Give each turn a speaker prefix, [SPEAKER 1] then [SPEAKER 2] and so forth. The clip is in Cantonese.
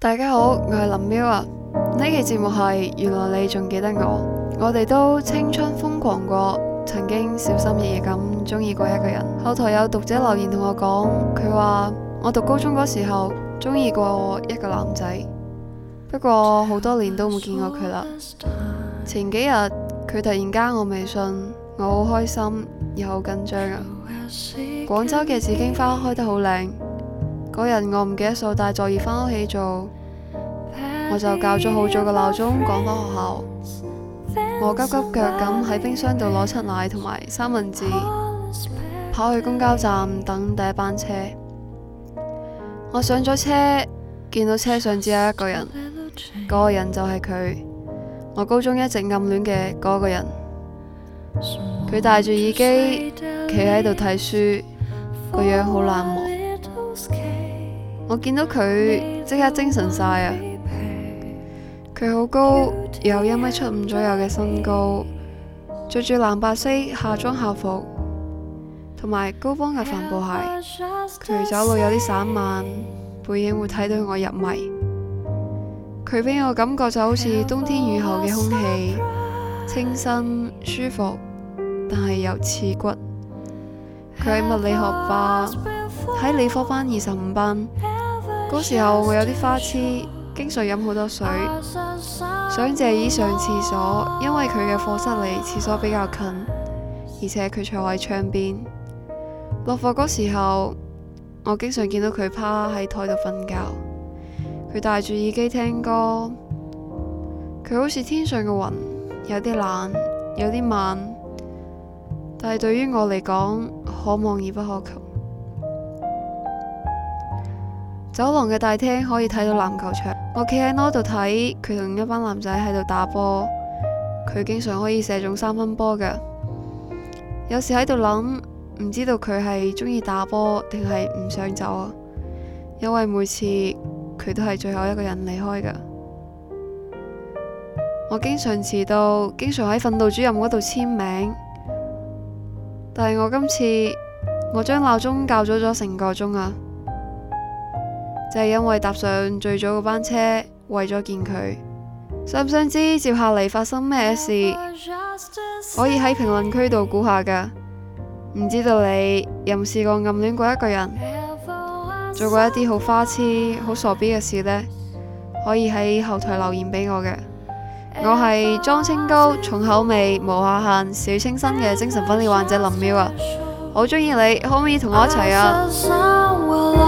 [SPEAKER 1] 大家好，我係林喵啊！呢期節目係原來你仲記得我，我哋都青春瘋狂過，曾經小心翼翼咁中意過一個人。後台有讀者留言同我講，佢話我讀高中嗰時候中意過一個男仔，不過好多年都冇見過佢啦。前幾日佢突然加我微信，我好開心，又好緊張啊！廣州嘅紫荊花開得好靚。嗰日我唔記得數，帶作業返屋企做，我就校咗好早個鬧鐘，趕返 學校。我急急腳咁喺冰箱度攞出奶同埋三文治，跑去公交站等第一班車。我上咗車，見到車上只有一個人，嗰、那個人就係佢，我高中一直暗戀嘅嗰個人。
[SPEAKER 2] 佢戴住耳機，企喺度睇書，個樣好冷漠。
[SPEAKER 1] 我見到佢即刻精神晒啊！佢好高，有一米七五左右嘅身高，着住藍白色夏裝校服，同埋高幫嘅帆布鞋。
[SPEAKER 2] 佢走路有啲
[SPEAKER 1] 散漫，背影會睇到我入迷。佢俾我感覺就好似冬天雨後嘅空氣，清新舒服，但係又刺骨。佢喺物理學霸，喺理科班二十五班。嗰時候我有啲花痴，經常飲好多水，想借衣上廁所，因為佢嘅課室離廁所比較近，而且佢坐喺窗邊。落課嗰時候，我經常見到佢趴喺台度瞓覺，佢戴住耳機聽歌，佢好似天上嘅雲，有啲懶，有啲慢，但係對於我嚟講，可望而不可求。走廊嘅大廳可以睇到籃球場，我企喺嗰度睇佢同一班男仔喺度打波，佢經常可以射中三分波嘅。有時喺度諗，唔知道佢係中意打波定係唔想走啊？因為每次佢都係最後一個人離開噶。我經常遲到，經常喺訓導主任嗰度簽名，但係我今次我將鬧鐘校早咗成個鐘啊。就係因為搭上最早嗰班車，為咗見佢。想唔想知接下嚟發生咩事？
[SPEAKER 2] 可以喺
[SPEAKER 1] 評論區度估下噶。唔知道你有冇試過暗戀過一個人，做過一啲好花痴、好傻逼嘅事呢？可以喺後台留言俾我嘅。我係裝清高、重口味、無下限、小清新嘅精神分裂患者林妙啊！好中意你，可唔可以
[SPEAKER 2] 同我一齊啊？